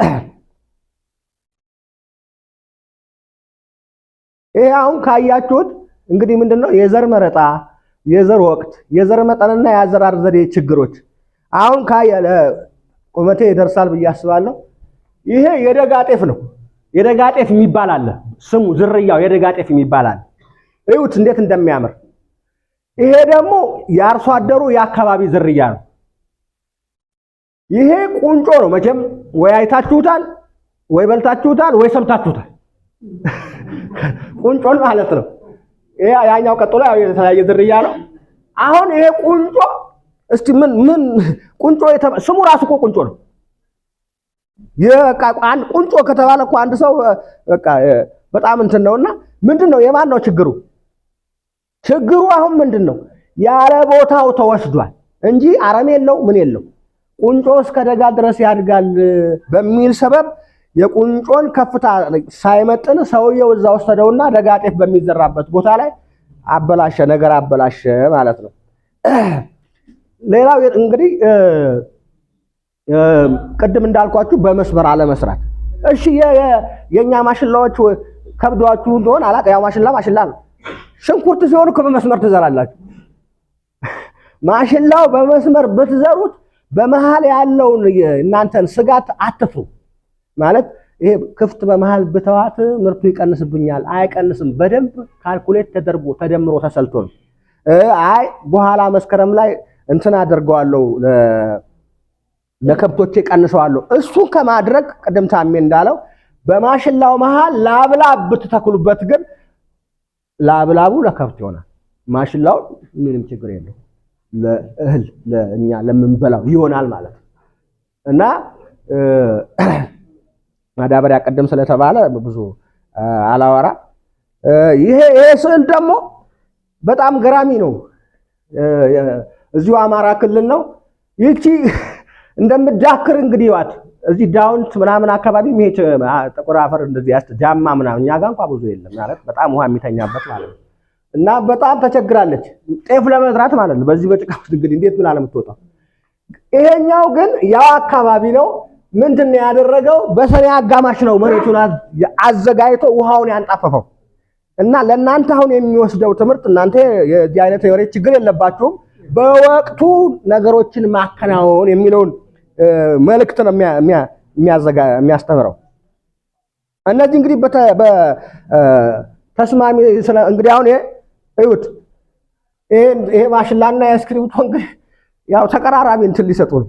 ይሄ አሁን ካያችሁት እንግዲህ ምንድነው የዘር መረጣ፣ የዘር ወቅት፣ የዘር መጠንና የአዘራር ዘዴ ችግሮች አሁን ካያለ ቁመቴ ይደርሳል ብዬ አስባለሁ። ይሄ የደጋ ጤፍ ነው። የደጋ ጤፍ የሚባል አለ። ስሙ ዝርያው የደጋ ጤፍ የሚባል አለ። እዩት እንዴት እንደሚያምር። ይሄ ደግሞ የአርሶ አደሩ የአካባቢ ዝርያ ነው። ይሄ ቁንጮ ነው። መቼም ወይ አይታችሁታል፣ ወይ በልታችሁታል፣ ወይ ሰምታችሁታል። ቁንጮን ማለት ነው። ያኛው ቀጥሎ ያው የተለያየ ዝርያ ነው። አሁን ይሄ ቁንጮ እስቲ ምን ምን ቁንጮ ስሙ ራሱ እኮ ቁንጮ ነው። ቁንጮ ከተባለ እኮ አንድ ሰው በቃ በጣም እንትን ነውና፣ ምንድነው የማን ነው ችግሩ? ችግሩ አሁን ምንድነው? ያለ ቦታው ተወስዷል እንጂ አረም የለው ምን የለው ቁንጮ እስከ ደጋ ድረስ ያድጋል በሚል ሰበብ የቁንጮን ከፍታ ሳይመጥን ሰውየው እዛ ወሰደውና ደጋ ጤፍ በሚዘራበት ቦታ ላይ አበላሸ፣ ነገር አበላሸ ማለት ነው። ሌላው እንግዲህ ቅድም እንዳልኳችሁ በመስመር አለመስራት። እሺ የእኛ ማሽላዎች ከብዷችሁ እንደሆን አላውቅም። ያው ማሽላ ማሽላ ነው። ሽንኩርት ሲሆኑ እኮ በመስመር ትዘራላችሁ። ማሽላው በመስመር ብትዘሩት በመሃል ያለውን እናንተን ስጋት አትፍሩ። ማለት ይሄ ክፍት በመሃል ብተዋት ምርቱ ይቀንስብኛል፣ አይቀንስም። በደንብ ካልኩሌት ተደርጎ ተደምሮ ተሰልቶ ነው። አይ በኋላ መስከረም ላይ እንትን አደርገዋለሁ ለከብቶቼ ቀንሰዋለሁ። እሱን ከማድረግ ቅድም ታሜ እንዳለው በማሽላው መሃል ላብላብ ብትተክሉበት ግን ላብላቡ ለከብት ይሆናል። ማሽላው ምንም ችግር የለው። ለእህል ለእኛ ለምንበላው ይሆናል ማለት ነው እና ማዳበሪያ ቀደም ስለተባለ ብዙ አላወራ። ይሄ ስዕል ደግሞ በጣም ገራሚ ነው። እዚሁ አማራ ክልል ነው። ይቺ እንደምዳክር እንግዲህ ዋት እዚህ ዳውንት ምናምን አካባቢ ይሄ ጥቁር አፈር እንደዚህ ጃማ ምናምን እኛ ጋር እንኳ ብዙ የለም ማለት በጣም ውሃ የሚተኛበት ማለት ነው። እና በጣም ተቸግራለች። ጤፍ ለመዝራት ማለት ነው። በዚህ በጭቃ ውስጥ እንግዲህ እንዴት ብላ ነው የምትወጣው? ይሄኛው ግን ያው አካባቢ ነው። ምንድን ነው ያደረገው? በሰኔ አጋማሽ ነው መሬቱን አዘጋጅቶ ውሃውን ያንጣፈፈው። እና ለእናንተ አሁን የሚወስደው ትምህርት እናንተ የዚህ አይነት የወሬ ችግር የለባችሁም፣ በወቅቱ ነገሮችን ማከናወን የሚለውን መልእክት ነው የሚያስተምረው። እነዚህ እንግዲህ ተስማሚ እንግዲህ አሁን እዩት። ይሄ ማሽላና የእስክሪብቶ እንግዲህ ያው ተቀራራቢ እንትን ሊሰጡ ነው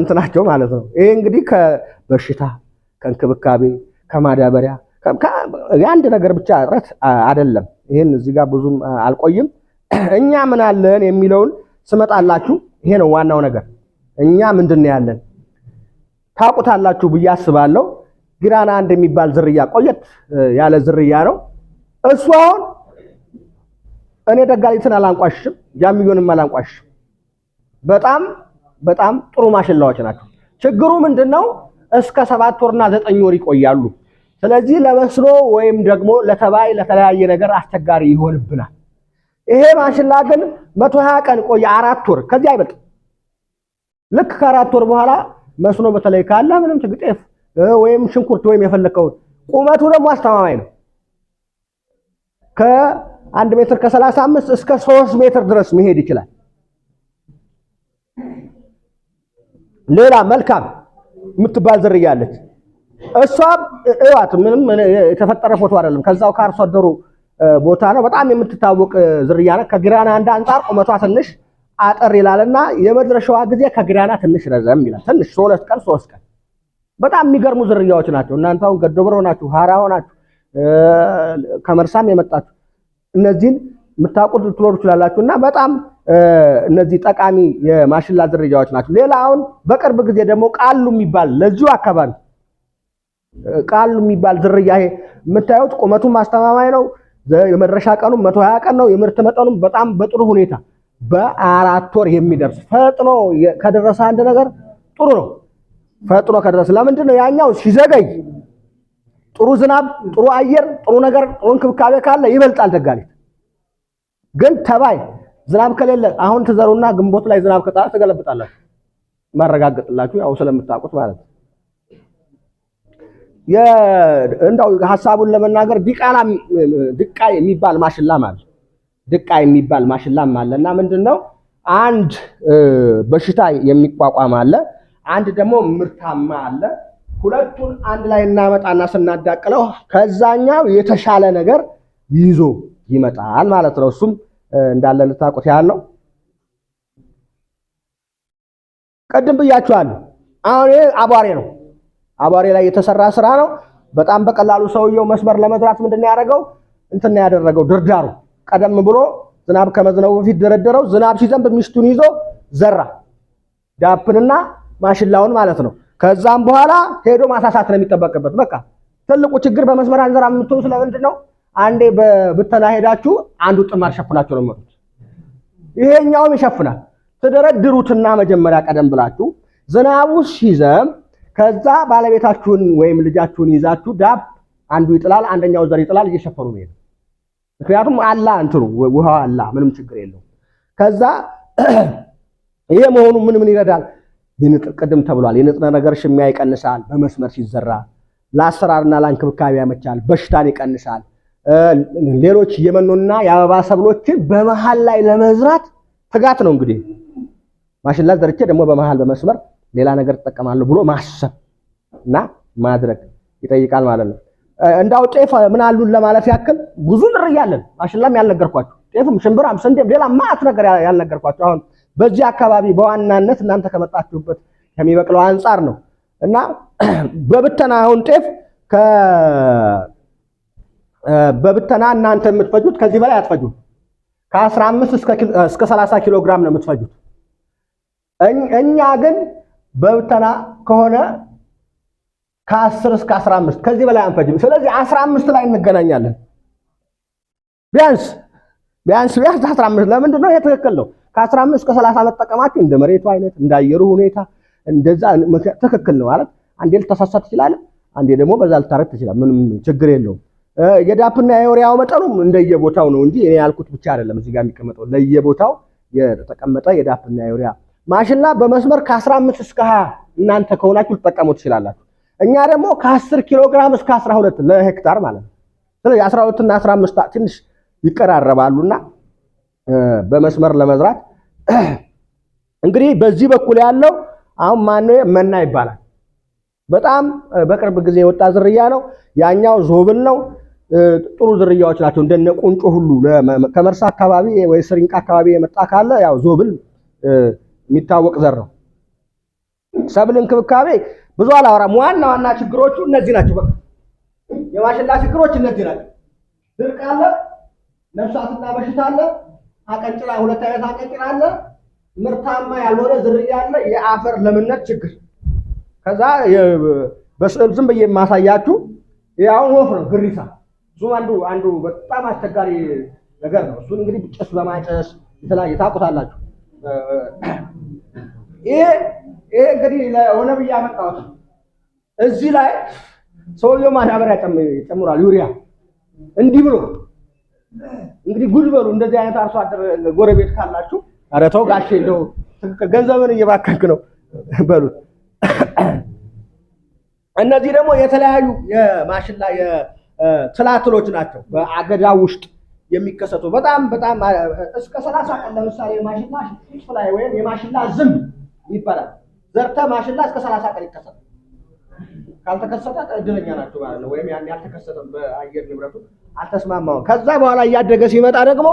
እንትናቸው ማለት ነው። ይሄ እንግዲህ ከበሽታ ከእንክብካቤ ከማዳበሪያ የአንድ ነገር ብቻ እጥረት አይደለም። ይህን እዚህ ጋር ብዙም አልቆይም። እኛ ምን አለን የሚለውን ስመጣላችሁ፣ ይሄ ነው ዋናው ነገር። እኛ ምንድን ያለን ታውቁታላችሁ ብዬ አስባለሁ። ጊራና አንድ የሚባል ዝርያ ቆየት ያለ ዝርያ ነው እሱ አሁን እኔ ደጋሊትን አላንቋሽም፣ ጃምዮንም አላንቋሽም። በጣም በጣም ጥሩ ማሽላዎች ናቸው። ችግሩ ምንድነው? እስከ ሰባት ወርና ዘጠኝ ወር ይቆያሉ። ስለዚህ ለመስኖ ወይም ደግሞ ለተባይ ለተለያየ ነገር አስቸጋሪ ይሆንብናል። ይሄ ማሽላ ግን መቶ ሀያ ቀን ቆየ፣ አራት ወር ከዚህ አይበልጥ። ልክ ከአራት ወር በኋላ መስኖ በተለይ ካለ ምንም ትግጤፍ ወይም ሽንኩርት ወይም የፈለከውን ቁመቱ ደግሞ አስተማማኝ ነው። አንድ ሜትር ከ35 እስከ 3 ሜትር ድረስ መሄድ ይችላል። ሌላ መልካም የምትባል ዝርያ አለች። እሷ እዋት ምንም የተፈጠረ ፎቶ አይደለም። ከዛው ከአርሶ አደሩ ቦታ ነው። በጣም የምትታወቅ ዝርያ ነው ከግራና አንድ አንጻር ቁመቷ ትንሽ አጠር ይላልና የመድረሻዋ ጊዜ ከግራና ትንሽ ረዘም ይላል። ትንሽ ሁለት ቀን ሶስት ቀን። በጣም የሚገርሙ ዝርያዎች ናቸው። እናንተ አሁን ገዶብሮ ናችሁ፣ ሀራ ሆናችሁ፣ ከመርሳም የመጣችሁ እነዚህን የምታውቁት ልትኖሩ ትችላላችሁ እና በጣም እነዚህ ጠቃሚ የማሽላ ዝርያዎች ናቸው። ሌላ አሁን በቅርብ ጊዜ ደግሞ ቃሉ የሚባል ለዚሁ አካባቢ ቃሉ የሚባል ዝርያ ይሄ የምታዩት ቁመቱ አስተማማኝ ነው። የመድረሻ ቀኑ መቶ ሀያ ቀን ነው። የምርት መጠኑም በጣም በጥሩ ሁኔታ በአራት ወር የሚደርስ ፈጥኖ ከደረሰ አንድ ነገር ጥሩ ነው። ፈጥኖ ከደረሰ ለምንድን ነው ያኛው ሲዘገይ ጥሩ ዝናብ፣ ጥሩ አየር፣ ጥሩ ነገር፣ ጥሩ እንክብካቤ ካለ ይበልጣል ተጋሪት። ግን ተባይ ዝናብ ከሌለ አሁን ትዘሩና ግንቦት ላይ ዝናብ ከጣለ ትገለብጣላችሁ። ማረጋገጥላችሁ ያው ስለምታውቁት ማለት ነው። የእንዳው ሐሳቡን ለመናገር ዲቃላ ድቃ የሚባል ማሽላም አለ። ድቃ የሚባል ማሽላም አለ እና ምንድነው አንድ በሽታ የሚቋቋም አለ፣ አንድ ደግሞ ምርታማ አለ። ሁለቱን አንድ ላይ እናመጣና ስናዳቅለው ከዛኛው የተሻለ ነገር ይዞ ይመጣል ማለት ነው። እሱም እንዳለ ልታውቁት ያህል ነው። ቅድም ብያችኋል። አሁን ይሄ አቧሬ ነው። አቧሬ ላይ የተሰራ ስራ ነው። በጣም በቀላሉ ሰውየው መስመር ለመዝራት ምንድን ያደረገው? እንትን ያደረገው ድርዳሩ። ቀደም ብሎ ዝናብ ከመዝነቡ በፊት ደረደረው። ዝናብ ሲዘንብ ሚስቱን ይዞ ዘራ። ዳፕንና ማሽላውን ማለት ነው። ከዛም በኋላ ሄዶ ማሳሳት ነው የሚጠበቅበት። በቃ ትልቁ ችግር በመስመር አንዘራ የምትሆኑ ስለምንድን ነው? አንዴ በብተና ሄዳችሁ አንዱ ጥማር ሸፍናችሁ ነው መጡት ይሄኛውም ይሸፍናል። ትደረድሩትና መጀመሪያ ቀደም ብላችሁ ዝናቡ ሲዘም ከዛ ባለቤታችሁን ወይም ልጃችሁን ይዛችሁ ዳብ አንዱ ይጥላል፣ አንደኛው ዘር ይጥላል። እየሸፈኑ ነው። ምክንያቱም አላ እንትኑ ውሃ አላ ምንም ችግር የለውም። ከዛ ይሄ መሆኑ ምን ምን ይረዳል? ቅድም ተብሏል። የንጥረ ነገር ሽሚያ ይቀንሳል። በመስመር ሲዘራ ለአሰራርና ለእንክብካቤ ያመቻል። በሽታን ይቀንሳል። ሌሎች የመኖና የአበባ ሰብሎችን በመሃል ላይ ለመዝራት ትጋት ነው። እንግዲህ ማሽላ ዘርቼ ደግሞ በመሃል በመስመር ሌላ ነገር ትጠቀማለሁ ብሎ ማሰብ እና ማድረግ ይጠይቃል ማለት ነው። እንዳው ጤፍ ምን አሉን ለማለት ያክል ብዙ ንርያለን። ማሽላም ያልነገርኳቸው ጤፍም፣ ሽምብራም፣ ስንዴም ሌላ ማት ነገር ያልነገርኳቸው አሁን በዚህ አካባቢ በዋናነት እናንተ ከመጣችሁበት ከሚበቅለው አንጻር ነው እና በብተና አሁን ጤፍ በብተና እናንተ የምትፈጁት ከዚህ በላይ አትፈጁ ከ ከ15 እስከ 30 ኪሎ ግራም ነው የምትፈጁት። እኛ ግን በብተና ከሆነ ከ10 እስከ 15 ከዚህ በላይ አንፈጅም። ስለዚህ 15 ላይ እንገናኛለን። ቢያንስ ቢያንስ ቢያንስ 15 ለምንድን ነው? ይሄ ትክክል ነው። ከ15 እስከ 30 መጠቀማችሁ እንደ መሬቱ አይነት እንደ አየሩ ሁኔታ እንደዛ ትክክል ነው ማለት አንዴ ልተሳሳት ትችላለህ፣ አንዴ ደግሞ በዛ ልታረግ ትችላል ምንም ችግር የለውም። የዳፕና የወሪያው መጠኑም እንደየቦታው ነው እንጂ እኔ ያልኩት ብቻ አይደለም። እዚህ ጋር የሚቀመጠው ለየቦታው የተቀመጠ የዳፕና የወሪያ ማሽላ በመስመር ከ15 እስከ 20 እናንተ ከሆናችሁ ልጠቀሙ ትችላላችሁ። እኛ ደግሞ ከ10 ኪሎ ግራም እስከ 12 ለሄክታር ማለት ነው። ስለዚህ 12 እና 15 ትንሽ ይቀራረባሉና በመስመር ለመዝራት እንግዲህ በዚህ በኩል ያለው አሁን ማነው መና ይባላል። በጣም በቅርብ ጊዜ የወጣ ዝርያ ነው። ያኛው ዞብል ነው። ጥሩ ዝርያዎች ናቸው። እንደነ ቁንጮ ሁሉ ከመርሳ አካባቢ ወይ ስሪንቃ አካባቢ የመጣ ካለ ያው ዞብል የሚታወቅ ዘር ነው። ሰብል እንክብካቤ ብዙ አላወራም። ዋና ዋና ችግሮቹ እነዚህ ናቸው። በቃ የማሽላ ችግሮች እነዚህ ናቸው። ድርቅ አለ፣ ነፍሳትና በሽታ አለ። አቀንጭላ ሁለት አይነት አቀንጭላ አለ። ምርታማ ያልሆነ ዝርያ አለ። የአፈር ለምነት ችግር። ከዛ በስዕል ዝም ብዬ የማሳያችሁ አሁን ወፍ ነው ግሪሳ። እሱም አንዱ አንዱ በጣም አስቸጋሪ ነገር ነው። እሱን እንግዲህ ጭስ በማጨስ የተለያየ ታውቁታላችሁ። ይሄ እንግዲህ ለሆነ ብዬ አመጣሁት። እዚህ ላይ ሰውየው ማዳበሪያ ጨምሯል ዩሪያ እንዲህ ብሎ እንግዲህ ጉድ በሉ እንደዚህ አይነት አርሶ አደር ጎረቤት ካላችሁ፣ ኧረ ተው ጋሼ እንደው ገንዘብን እየባከንክ ነው በሉት። እነዚህ ደግሞ የተለያዩ የማሽላ የትላትሎች ናቸው። በአገዳ ውስጥ የሚከሰቱ በጣም በጣም እስከ ሰላሳ ቀን ለምሳሌ የማሽላ ሽፍ ላይ ወይም የማሽላ ዝንብ ይባላል። ዘርተ ማሽላ እስከ ሰላሳ ቀን ይከሰታል። ካልተከሰተ እድለኛ ናቸው ማለት ነው። ወይም ያን ያልተከሰተም በአየር ንብረቱ አልተስማማው። ከዛ በኋላ እያደገ ሲመጣ ደግሞ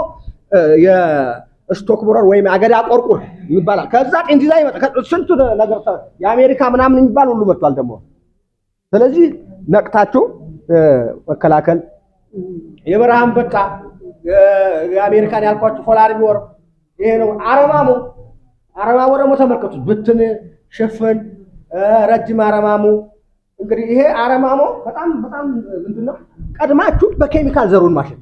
የስቶክ ቦረር ወይም አገዳ ቆርቁር ይባላል። ከዛ ጤንቲዛ ይመጣ ስንቱ ነገር የአሜሪካ ምናምን የሚባል ሁሉ መጥቷል ደግሞ። ስለዚህ ነቅታችሁ መከላከል የበረሃን በቃ የአሜሪካን ያልኳችሁ ፎላሪ ቢወር ይሄ ነው። አረማሞ አረማሞ ደግሞ ተመልከቱት፣ ብትን ሽፍን፣ ረጅም አረማሙ እንግዲህ ይሄ አረማሞ በጣም በጣም ምንድን ነው ቀድማችሁ በኬሚካል ዘሩን ማሸት